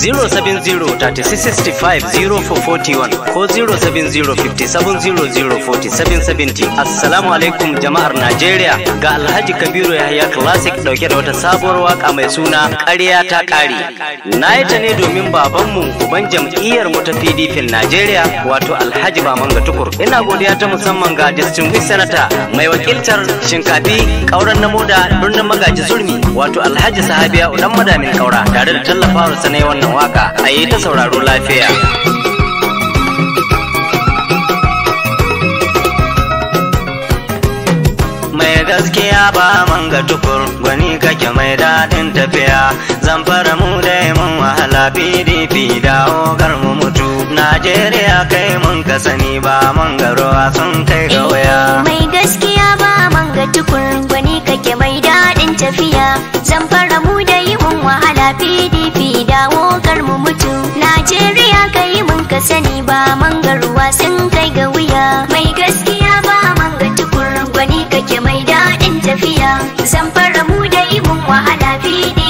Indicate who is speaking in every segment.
Speaker 1: 070 3665 ko Assalamu alaikum jama'ar Najeriya ga Alhaji Kabiru Yahya Classic dauke da wata sabuwar waka mai suna ƙarya ta ƙari. Na yi ta ne domin babanmu uban jam'iyyar mu ta PDP Najeriya wato Alhaji Bamanga Tukur. Ina godiya ta musamman ga Distinguished Senator mai wakiltar Shinkafi Kauran Namoda Birnin Magaji Zurmi wato Alhaji Sahabiya Udan Madamin Kaura tare da tallafawar sanai wannan wannan waka a yi ta sauraro lafiya. Mai gaskiya ba man ga tukur gwani kake mai daɗin tafiya zan fara mu dai mun wahala pdp dawo garmu mutu najeriya kai mun ka sani ba man ga ruwa sun kai ga eh, waya. Mai gaskiya
Speaker 2: ba man ga tukur gwani kake mai daɗin tafiya zan fara mu dai mun wahala pdp dawo kar mu mutu Najeriya kai mun ka sani ba mangarwa sun kai ga wuya mai gaskiya ba manga tukur gwani kake mai daɗin tafiya zamfara mu da ibun wahala fili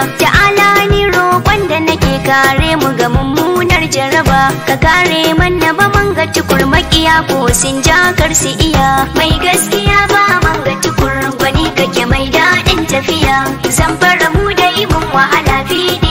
Speaker 2: Da ni roƙon da nake kare mu ga mummunar jaraba ka kare manna ba man ga tukur maƙiya ko sin ja su iya mai gaskiya ba man ga tukur gwani kake mai daɗin tafiya zan fara mu da ibin wahala fiɗi.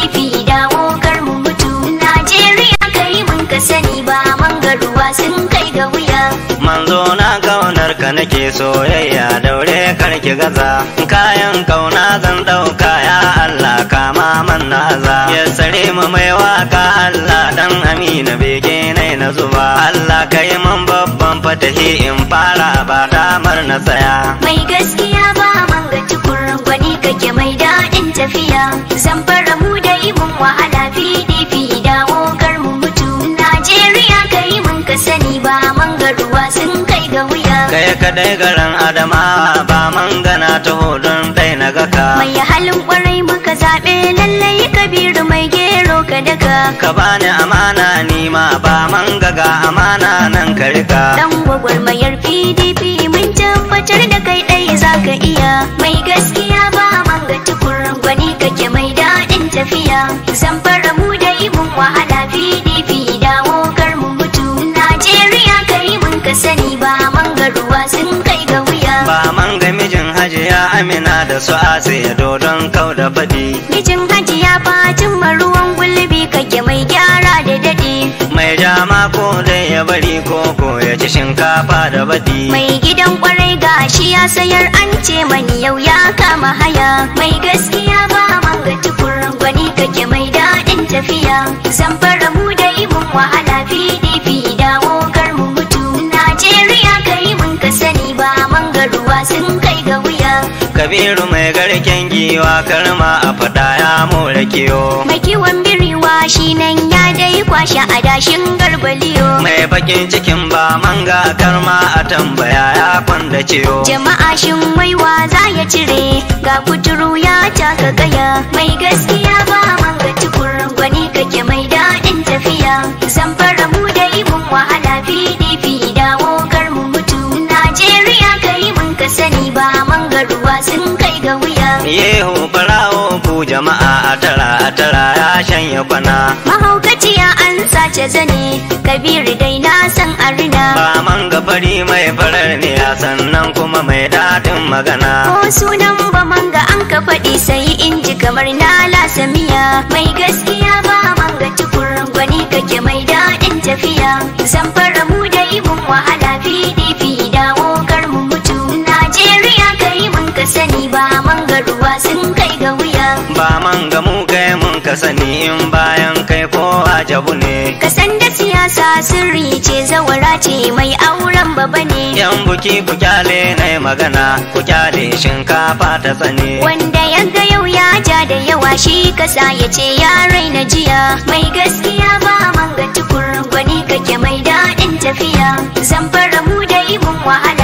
Speaker 1: kauna kaunar ka nake soyayya daure karki gaza kayan kauna zan dauka ya Allah kama man naza ya sare mu mai waka Allah dan amina bege nai na zuba Allah kai mun babban fatahi in fara ba damar na tsaya
Speaker 2: mai gaskiya ba man ga tukurin gwani kake mai daɗin tafiya zan fara mu da ibun wa
Speaker 1: kadai garin adama ba gana ta hudun dai na gaka mai
Speaker 2: halin kwarai muka zabe, lallai kabiru mai gero ka daga
Speaker 1: ka bani amana nima ba man gaga amana nan ka rika dan
Speaker 2: gwagwarmayar pdp mun tabbatar da kai dai za iya mai gaskiya ba manga tukurin gwani kake mai daɗin tafiya zamfar
Speaker 1: amina da su ase dodon kau da faɗi.
Speaker 2: Mijin haji ya cimma ruwan gulbi kake mai gyara da daɗi.
Speaker 1: Mai jama ko dai ya bari ko ya ci shinkafa da baɗi. Mai
Speaker 2: gidan kwarai gashi ya sayar an ce mani yau ya kama haya. Mai gaskiya ba manga tukurin gwani kake mai daɗin tafiya. Zan fara mu da ibin wahala fidi
Speaker 1: kabiru mai garken giwa karma a fada ya more kiyo mai
Speaker 2: kiwon biriwa shi nan ya dai kwashe a dashin garbaliyo
Speaker 1: mai bakin cikin ba manga karma a tambaya ya kwanda ciyo jama'a
Speaker 2: shin waiwa za ya cire ga kuturu ya taka gaya mai gaskiya ba manga tukur gwani kake mai daɗin tafiya zan fara mu da ibun wahala fiye yeho
Speaker 1: barawo ku jama'a a tara a tara ya shanya kwana.
Speaker 2: Mahaukaciya an sace zane, kabiru dai na san arina.
Speaker 1: Ba man gabari mai farar ne a sannan kuma mai daɗin magana. Ko
Speaker 2: sunan ba man ga an ka faɗi sai in ji kamar na lasamiya. Mai gaskiya ba man ga tukur gwani kake mai daɗin tafiya. zamfar
Speaker 1: ka sani in bayan kai ko ajabu ne kasan da siyasa sirri ce zawara ce mai auren baba ne yan buki ku kyale na magana ku kyale shinkafa ta tsane
Speaker 2: wanda ya ga yau ya ja da yawa shi kasa ya ce ya raina jiya mai gaskiya ba man ga gwani kake mai daɗin tafiya zan fara mu da ibin wahala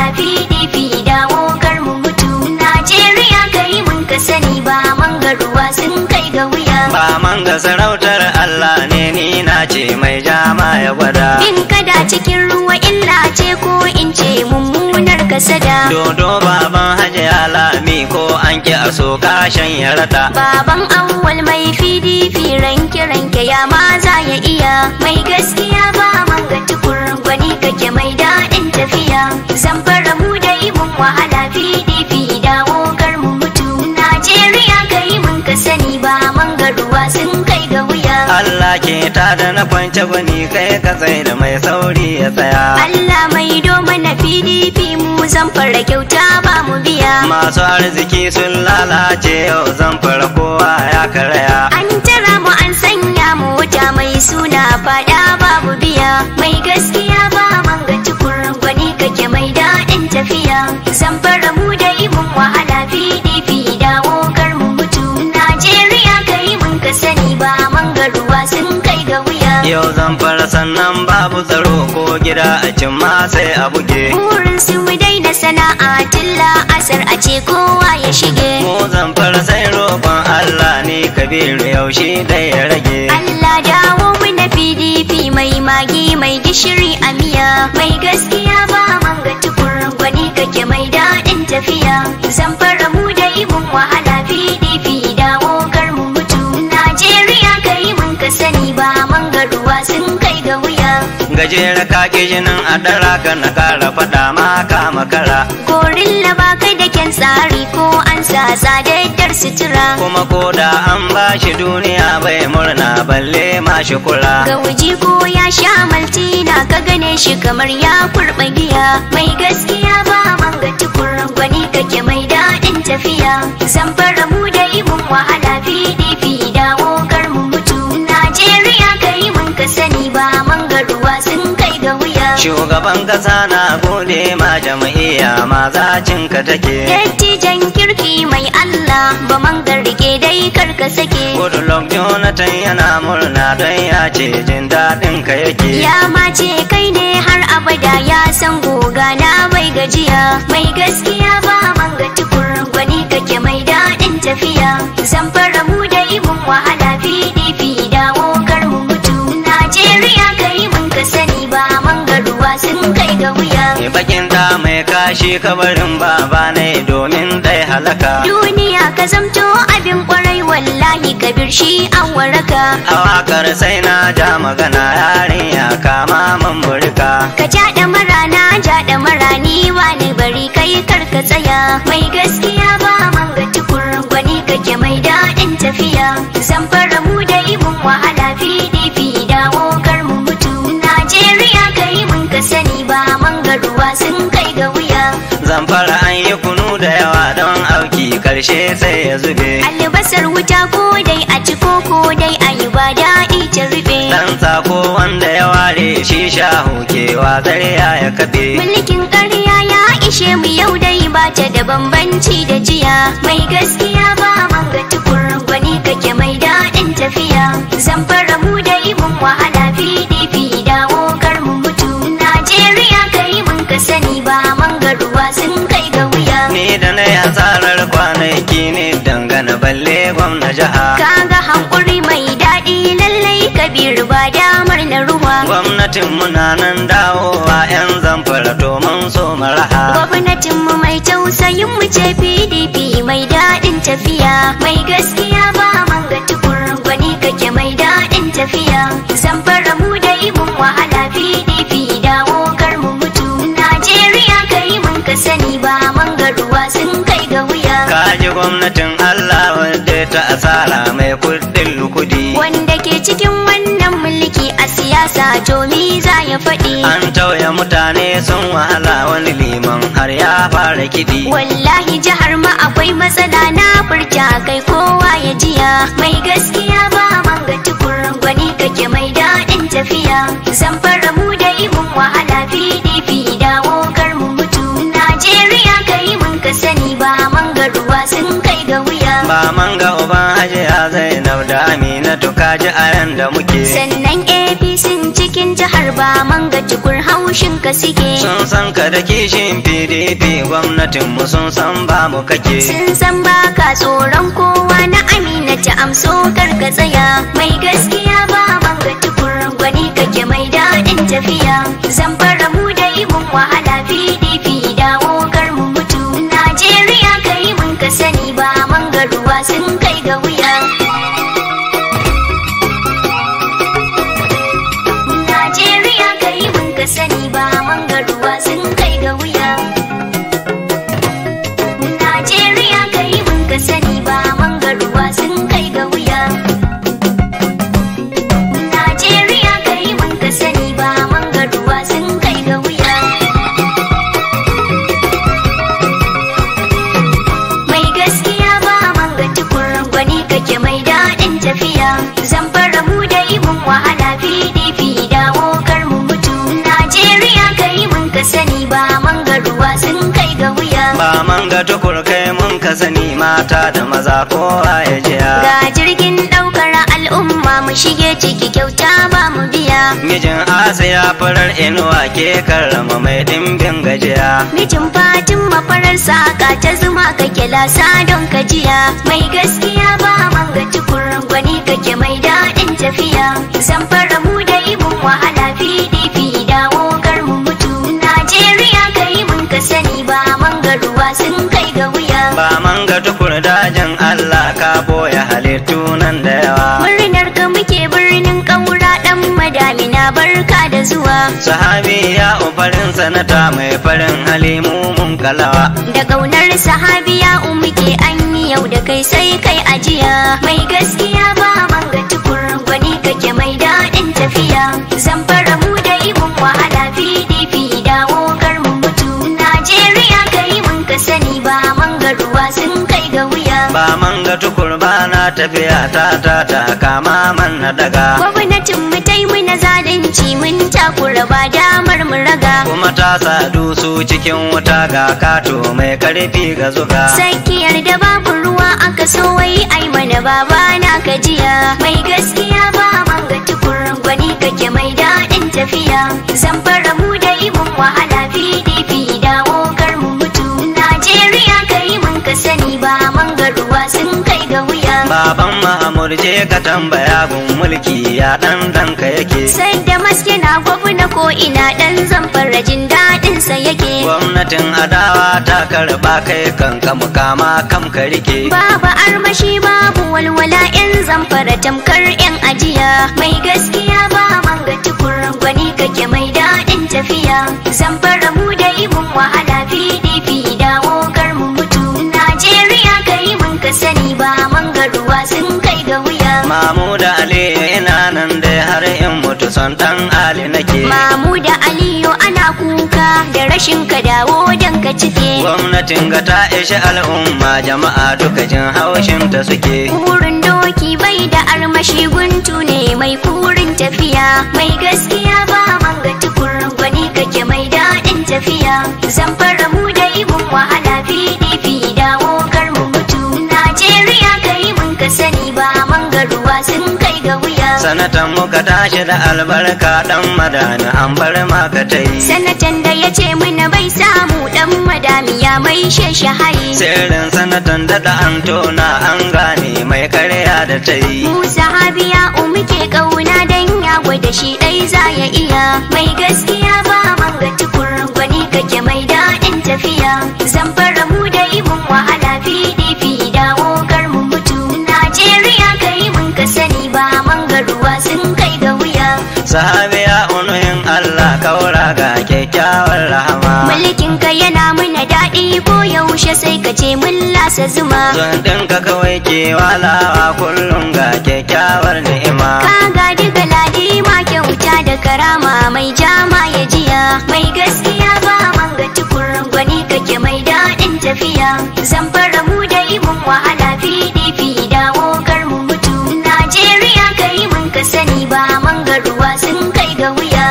Speaker 1: wanga sarautar Allah ne ni na ce mai jama ya gwada bin kada cikin ruwa illa ce ko in ce mummunar kasada dodo baban haji alami ko an ki a so kashin yarata
Speaker 2: baban awwal mai fidi firan ranke ya ma za ya iya mai gaskiya ba ga tukur gwani kake mai daɗin tafiya zan fara mu da mun wahala fidi Ruwa sun kai ga wuya Allah ke ta da
Speaker 1: na kwance gwani kai ka tsaye da mai sauri ya tsaya Allah
Speaker 2: mai doma na PDP mu zan fara kyauta ba mu biya masu
Speaker 1: arziki sun lalace yau zan fara kowa ya karaya an
Speaker 2: tara mu an sanya mu wuta mai suna fada babu biya mai gaskiya ba man ga tukur gwani kake mai daɗin tafiya zan fara mu da ibin wahala
Speaker 1: yau zan fara sannan babu tsaro ko gida a cin ma sai a buge burin su mu daina sana'a tilla asar a ce kowa ya shige mu zan fara sai roƙon Allah ne kabiru yaushe dai ya
Speaker 2: rage Allah dawo mu na PDP mai magi mai gishiri a miya mai gaskiya ba ga tukur gwani kake mai daɗin tafiya zan fara mu da ibun wahala PDP
Speaker 1: gajera ka jinin a dara ka na kara fada ma ka makara
Speaker 2: gorilla ba kai da kyan tsari ko an sa daidar sutura kuma ko da
Speaker 1: an ba shi duniya bai murna balle ma shi kura ga
Speaker 2: wuji ko ya sha maltina ka gane shi kamar ya kurba giya mai gaskiya ba man ga tukur gwani kake mai daɗin tafiya zan fara mu da ibun wahala fidi da. sani ba mangaruwa sun kai ga wuya shugaban
Speaker 1: kasa na gode ma jama'iyya ma zacin ka take
Speaker 2: dattijan kirki mai allah ba mangar
Speaker 1: ke dai karka sake goodluck jonathan yana murna don ya ce jin daɗin ka yake
Speaker 2: ya ma ce kai ne har abada ya san goga na mai gajiya mai gaskiya ba manga tukur gwani kake mai daɗin tafiya zan fara mu da ibin wahala pdp dawo Najeriya kai mun ka sani ba mangaruwa sun kai ga wuya. Ni
Speaker 1: bakin ta mai kashi kabarin baba ne domin dai halaka.
Speaker 2: Duniya ka zamto abin kwarai wallahi kabir shi an waraka. A wakar sai na
Speaker 1: ja magana yarinya kama mun burka. Ka ja
Speaker 2: da mara na ja da mara ni wani bari kai kar ka tsaya. Mai gaskiya ba manga tukur gwani kake mai daɗin tafiya. Zan fara
Speaker 1: karshe sai ya zube
Speaker 2: albasar wuta ko dai a ci ko ko dai a yi ba daɗi
Speaker 1: ta zube dan sako wanda ya ware shi sha kewa zarya ya kabe.
Speaker 2: mulkin ƙarya ya ishe mu yau dai ba ta da bambanci da jiya mai gaskiya ba ga tukurin gwani kake mai daɗin tafiya zan fara mu da ibin wahala pdp dawo kar mu mutu najeriya kai mun ka sani ba ga ruwa sun ni da na ya tsarar
Speaker 1: kwanaki ne dangane balle gwamna jiha
Speaker 2: kaga hankuri mai daɗi lallai kabiru ba damar na ruwa
Speaker 1: gwamnatin mu na nan dawowa yan zamfara domin so maraha
Speaker 2: gwamnatin mu mai tausayin mu ce pdp mai daɗin tafiya mai gaskiya ba manga tukur gwani kake mai daɗin tafiya zamfara mu da ibun wahala pdp dawo kar mu mutu najeriya kai mun ka sani ba manga
Speaker 1: gwamnatin Allah wanda ta asara mai kudin kudi.
Speaker 2: Wanda ke cikin wannan mulki a siyasa jomi za ya faɗi. An
Speaker 1: tauya mutane sun wahala wani liman har ya fara kiɗi.
Speaker 2: Wallahi jihar ma akwai matsala na furta kai kowa ya jiya. Mai gaskiya ba ga tukurin gwani kake mai daɗin tafiya. Zan fara mu da ibun wahala fiye. man ga uban a
Speaker 1: zainab da to kaji a ran da muke
Speaker 2: sannan apc cikin jihar ba man ga cikin haushin ka
Speaker 1: suke sun san ka da kishin pdp gwamnatin mu sun san ba mu kake sun
Speaker 2: san ba ka tsoron kowa na Amina ta amso ka tsaya mai gaskiya ba man ga cikin gwani kake mai daɗin tafiya zan fara mu da ihun wahala
Speaker 1: ga tukur kai mun ka sani mata da maza kowa ya jiya ga
Speaker 2: jirgin daukar al'umma mu shige ciki kyauta ba mu biya
Speaker 1: mijin ya farar inuwa ke karrama mai dimbin gajiya
Speaker 2: mijin fatin farar saka ta zuma ka lasa don jiya. mai gaskiya ba man ga tukur gwani kake mai daɗin tafiya zan fara mu da ibun wahala fidi fi dawo kar mu mutu najeriya kai mun ka sani da wuya
Speaker 1: ba man ga tukur dajin Allah ka boya halittu nan da yawa
Speaker 2: murnar muke birnin kaura dan madamina barka da zuwa sahabi ya
Speaker 1: ufarin sanata mai farin halimu mun kalawa
Speaker 2: da kaunar sahabi ya umuke an yau da kai sai kai ajiya mai gaskiya ba
Speaker 1: tukurma na tafiya ta ta ta kama man na daga.
Speaker 2: Gwamnatin mu ta yi mana zalunci mun takura ba damar mu raga.
Speaker 1: Kuma ta sadu su cikin wuta ga kato mai karfi ga zuga.
Speaker 2: Sakiyar da babu ruwa aka so wai ai mana baba na gajiya mai gaskiya ba
Speaker 1: je ka tambaya gun mulki ya dan danka yake
Speaker 2: sai da maske na gwamna ko ina dan zamfara jin
Speaker 1: dadin sa yake gwamnatin adawa ta karba kai kan mukama kam ka rike
Speaker 2: Baba armashi babu walwala yan zamfara tamkar yan ajiya mai gaskiya ba manga tukurin gwani kake mai dadin tafiya zamfara mu da ibun wahala
Speaker 1: son dan ali nake mamu
Speaker 2: da aliyu ana kuka da rashin ka
Speaker 1: dawo dan ka cike gwamnatin ga ta ishi al'umma jama'a duka jin haushin ta suke
Speaker 2: Wurin doki bai da armashi guntu ne mai kurin tafiya mai gaskiya ba man ga tukur gwani kake mai daɗin tafiya zan fara mu da ibun wahala pdp dawo kar mu mutu najeriya kai mun ka sani ba man ga ruwa sun kai ga wuya
Speaker 1: sanatan muka tashi da albarka dan madani an bar maka tai
Speaker 2: sanatan da ya
Speaker 1: ce bai samu dan madami ya mai shi hari sirrin sanatan da da tona an gane mai karya da Musa,
Speaker 2: mu sahabiya umuke kauna dan ya gwada shi dai za ya iya mai gaskiya ba ga tukurin gwani kake mai daɗin tafiya zan fara
Speaker 1: sahabiya unuhin Allah kaura ga kyakkyawar rahama
Speaker 2: mulkin ka yana mana daɗi ko yaushe sai ka ce mun lasa zuma zan
Speaker 1: ɗinka kawai ke walawa kullum ga kyakkyawar ni'ima ka
Speaker 2: ga duka ladima kyauta da karama mai jama ya jiya mai gaskiya ba man ga gwani kake mai daɗin tafiya zan fara mu da ibin wahala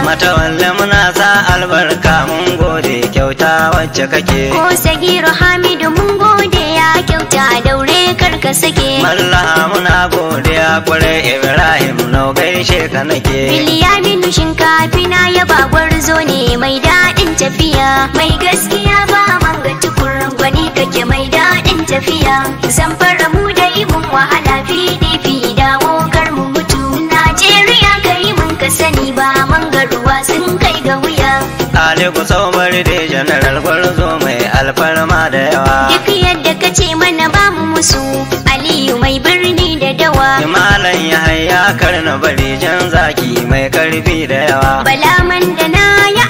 Speaker 2: mata
Speaker 1: muna sa albarka mun gode kyauta wacce kake ko
Speaker 2: sagiru hamidu mun gode ya kyauta daure karka sake malla
Speaker 1: muna godiya kware ibrahim nau gaishe ka nake
Speaker 2: shinka shinkafi na yaba gwarzo ne mai daɗin tafiya mai gaskiya ba man ga tukur gwani kake mai daɗin tafiya zan fara mu da ibun wahala fi dawo baka sani ba mangaruwa sun kai ga wuya
Speaker 1: ali ku bari da janaral gwarzo mai alfarma da yawa duk
Speaker 2: yadda ka ce mana ba mu musu aliyu mai birni da dawa malam ya haya
Speaker 1: karna bari jan zaki mai karfi da yawa
Speaker 2: balaman da na ya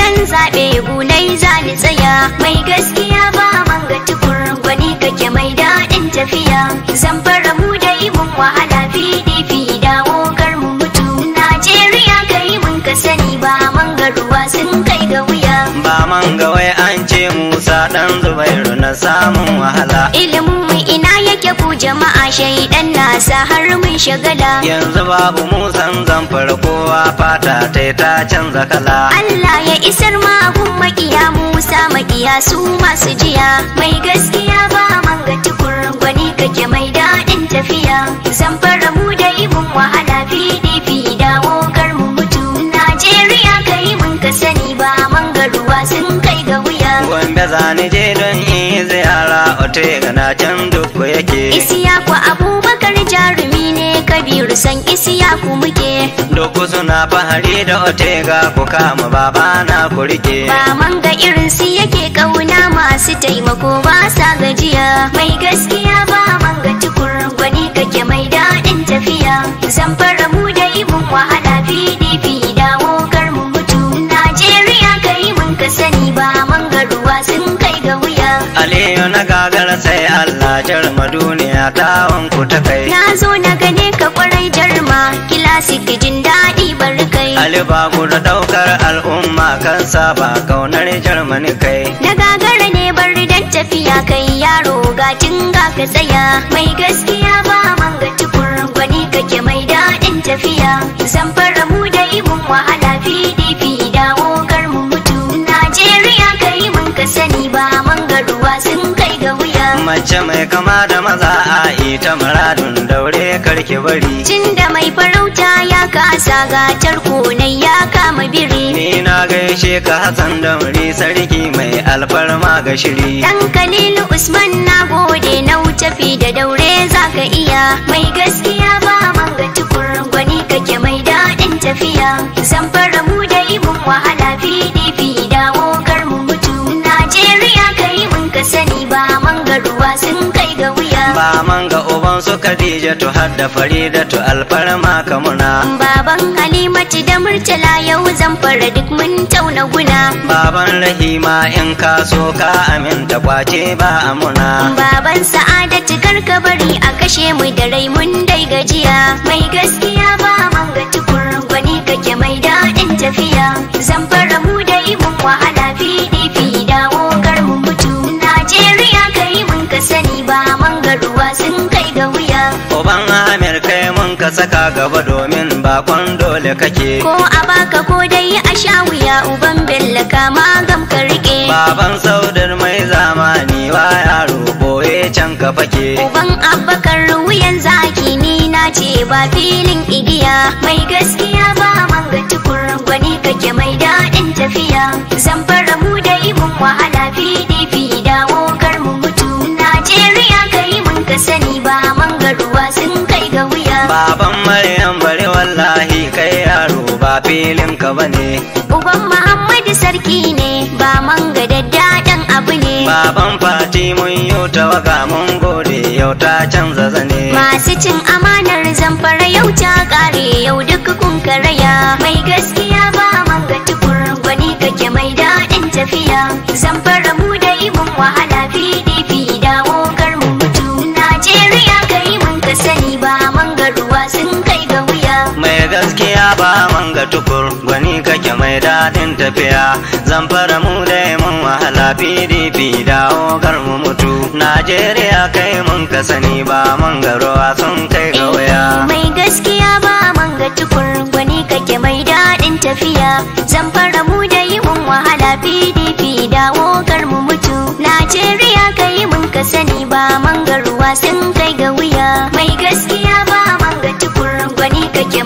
Speaker 2: ran zaɓe gunai za ni tsaya mai gaskiya ba manga tukur gwani kake mai daɗin tafiya zan fara mu da yi mun wahala
Speaker 1: man ga wai an ce Musa dan Zubairu na samun wahala.
Speaker 2: Ilimin mu ina yake ku jama'a shaidan nasa har mun shagala. Yanzu babu
Speaker 1: Musan zamfar kowa fata tai ta canza kala. Allah
Speaker 2: ya isar ma gun makiya Musa makiya su masu jiya. Mai gaskiya ba man ga tukurin gwani kake mai daɗin tafiya. Zan fara mu da ibun wahala fi PDP dawo
Speaker 1: gombe ni je don yi ziyara ote gana can duku yake
Speaker 2: isiyaku abubakar jarumi ne kabiru san
Speaker 1: ku muke duk suna fahari da ote ga ku kama baba na ku rike
Speaker 2: ba man ga irin su yake kauna masu taimako ba sa gajiya mai gaskiya ba man ga tukur gwani kake mai daɗin tafiya zan fara mu da ibin wahala pdp dawo kar mu mutu najeriya ka yi mun ka sani ba
Speaker 1: gagar sai Allah jarma duniya ta wanku ta kai na
Speaker 2: zo na gane ka kwarai jarma kilasi ki jin daɗi bari kai
Speaker 1: aliba ku da ɗaukar al'umma kan saba kaunar jarmani kai
Speaker 2: na gagara ne bari dan tafiya kai yaro gatinga ga ka tsaya mai gaskiya ba man ga tukur gwani kake mai daɗin tafiya zan fara mu da ibun wahala mace
Speaker 1: mai kama da maza a ita muradun daure karki bari
Speaker 2: cin da mai farauta ya kasa gatar konai ya kama biri ni
Speaker 1: na gaishe ka hasan da muri sarki mai alfarma ga shiri
Speaker 2: dan kalilu usman na gode na fi da daure zaka iya mai gaskiya ba manga tukur gwani kake mai daɗin tafiya zamfara
Speaker 1: Usman ga uban su to har da to alfarma ka muna
Speaker 2: baban Kalimatu da Murtala yau zan fara duk mun tauna guna
Speaker 1: baban Rahima in ka so ka aminta kwace ba amuna baban
Speaker 2: Sa'adatu karka bari a kashe mu da rai mun dai gajiya mai gaskiya ba man ga tukur gwani kake mai daɗin tafiya zan fara mu da ibun wahala fi
Speaker 1: ka saka gaba domin bakon dole kake ko
Speaker 2: a baka ko dai a sha wuya uban bello kama gam ka rike
Speaker 1: baban saudar mai zamani wa yaro boye can ka fake uban
Speaker 2: abbakar wuyan zaki ni na ce ba filin igiya mai gaskiya ba manga tukur gwani kake mai daɗin tafiya zan fara mu da ibin wahala fi baban maryam bari wallahi kai
Speaker 1: yaro ba filin ka bane
Speaker 2: uban muhammadu sarki ne ba manga daddaɗan abu ne baban
Speaker 1: fati mun yau waka, mun gode yau canza zane
Speaker 2: masu cin amanar zamfara yau ta ƙare yau duk kun karaya mai gaskiya ba ga tukur gwani kake mai daɗin tafiya zamfara
Speaker 1: ga tukur gwani kake mai daɗin tafiya zan fara mu da mun wahala pdp dawo kar mu mutu najeriya kai mun ka sani ba man ga ruwa sun kai ga eh, waya
Speaker 2: mai gaskiya ba man ga tukur gwani kake mai daɗin tafiya zan fara mu da mun wahala pdp dawo kar mu mutu najeriya kai mun ka sani ba man ga sun kai ga wuya mai gaskiya ba man ga tukur gwani kake